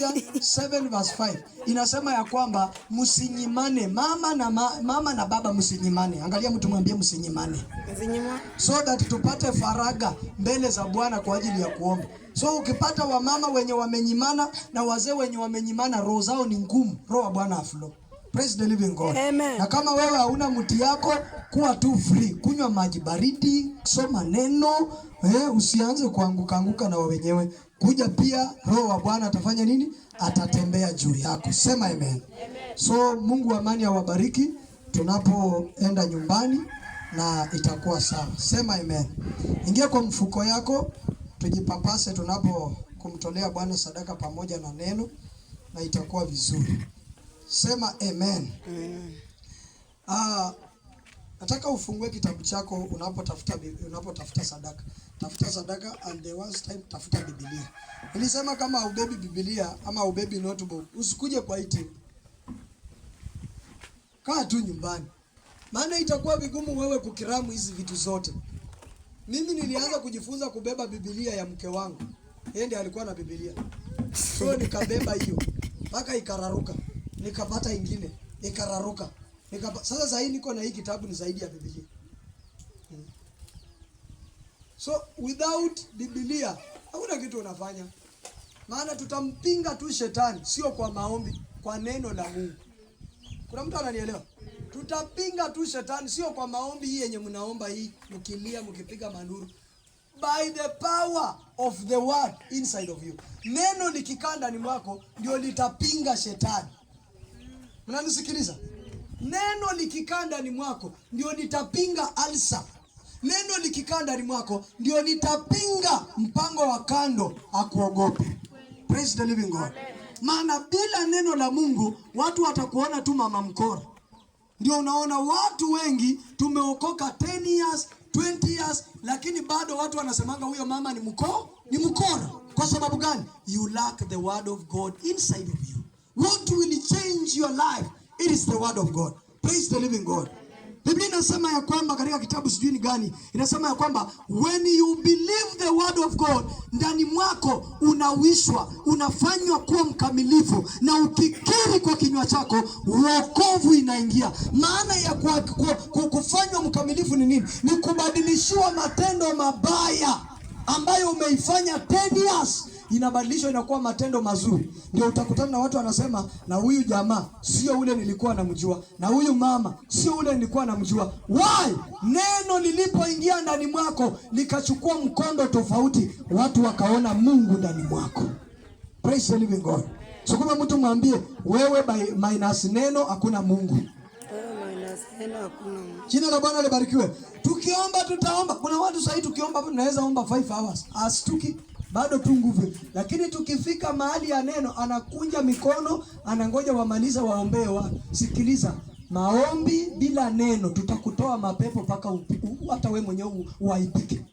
7 verse 5 inasema ya kwamba msinyimane, mama na ma, mama na baba msinyimane. Angalia mtu mwambie msinyimane, so that tupate faraga mbele za Bwana kwa ajili ya kuomba. So ukipata wamama wenye wamenyimana na wazee wenye wamenyimana, roho zao ni ngumu, roho wa Bwana aflo Praise the living God. Amen. Na kama wewe hauna mti yako, kuwa tu free, kunywa maji baridi, soma neno eh, usianze kuanguka anguka na wenyewe. Kuja pia roho wa Bwana atafanya nini? Atatembea juu yako. Sema amen. Amen. So Mungu wa amani awabariki tunapoenda nyumbani na itakuwa sawa. Sema amen. Ingia kwa mfuko yako tujipapase tunapo kumtolea Bwana sadaka pamoja na neno na itakuwa vizuri. Sema amen. Amen. Uh, nataka ufungue kitabu chako unapotafuta unapotafuta sadaka. Tafuta sadaka and the one time tafuta Biblia. Nilisema kama ubebi Biblia ama ubebi notebook, usikuje kwa iti. Kaa tu nyumbani. Maana itakuwa vigumu wewe kukiramu hizi vitu zote. Mimi nilianza kujifunza kubeba Biblia ya mke wangu. Yeye ndiye alikuwa na Biblia. So nikabeba hiyo mpaka ikararuka nikapata ingine ikararuka nikapa... Sasa sasa hii niko na hii kitabu ni zaidi ya Biblia hmm. So without Biblia hakuna kitu unafanya, maana tutampinga tu shetani, sio kwa maombi, kwa neno la Mungu. Kuna mtu ananielewa? Tutapinga tu shetani, sio kwa maombi hii yenye mnaomba hii, mkilia mkipiga manduru, by the power of the word inside of you. Neno likikaa ndani mwako ndio litapinga shetani. Mnanisikiliza? Neno likikaa ndani mwako ndio nitapinga alsa. Neno likikaa ndani mwako ndio nitapinga mpango wa kando akuogope. Praise the living God. Maana bila neno la Mungu watu watakuona tu mama mkora. Ndio unaona watu wengi tumeokoka 10 years, 20 years, lakini bado watu wanasemanga huyo mama ni mko, ni mkora. Kwa sababu gani? You lack the word of God inside of you. What will change your life? It is the word of God. Praise the living God. Biblia inasema ya kwamba katika kitabu sijui ni gani, inasema ya kwamba when you believe the word of God, ndani mwako unawishwa, unafanywa kuwa mkamilifu, na ukikiri kwa kinywa chako wokovu inaingia. Maana ya kwa, kwa, kwa kufanywa mkamilifu ni nini? Ni kubadilishiwa matendo mabaya ambayo umeifanya 10 years inabadilishwa inakuwa matendo mazuri. Ndio utakutana na watu wanasema, na huyu jamaa sio ule nilikuwa namjua, na huyu mama sio ule nilikuwa namjua. Why? Neno lilipoingia ndani mwako likachukua mkondo tofauti, watu wakaona Mungu ndani mwako. Praise the living God. Sukuma mtu mwambie, wewe by minus neno hakuna Mungu. Jina la Bwana libarikiwe. Tukiomba tutaomba. Kuna watu sasa tukiomba tunaweza omba 5 hours. Astuki bado tu nguvu, lakini tukifika mahali ya neno anakunja mikono, anangoja wamaliza waombee wa Sikiliza, maombi bila neno, tutakutoa mapepo mpaka hata wewe mwenyewe uaibike,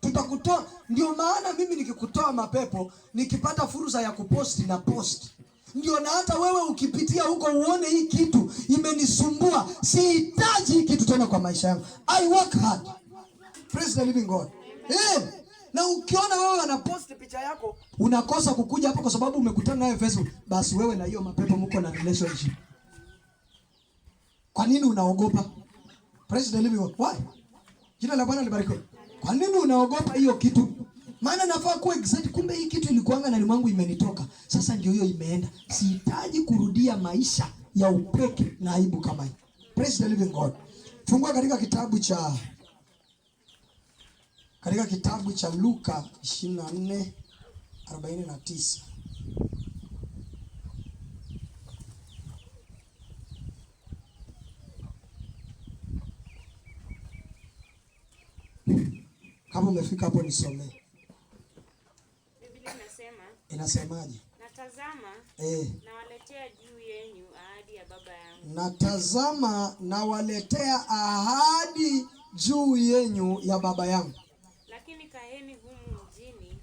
tutakutoa. Ndio maana mimi nikikutoa mapepo, nikipata fursa ya kuposti na posti ndio na hata wewe ukipitia huko uone hii kitu imenisumbua, sihitaji hii kitu tena kwa maisha yangu. I work hard. Praise the living God na ukiona wewe anaposti picha yako unakosa kukuja hapa kwa sababu umekutana naye Facebook, basi wewe na hiyo mapepo mko na relationship. Kwa nini unaogopa? Praise the living God. Jina la Bwana libarikiwe. Kwa nini unaogopa hiyo kitu? Maana nafaa kuwa excited, kumbe hii kitu ilikuanga na limwangu imenitoka. Sasa ndio hiyo imeenda. Sihitaji kurudia maisha ya upeke na aibu kama hii. Praise the living God. Fungua katika kitabu cha katika kitabu cha Luka 24:49 kama umefika hapo nisomee. Biblia inasema, inasemaje? Natazama eh, nawaletea juu yenu ahadi ya baba yangu. Natazama nawaletea ahadi juu yenu ya baba yangu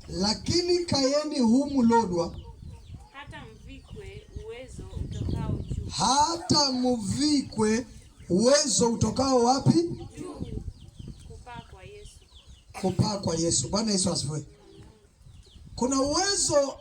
lakini kayeni humu Lodwa, hata mvikwe uwezo utokao juu. Hata mvikwe uwezo utokao wapi? Kupaa kwa Yesu, kupaa kwa Yesu. Bwana Yesu asifiwe. Kuna uwezo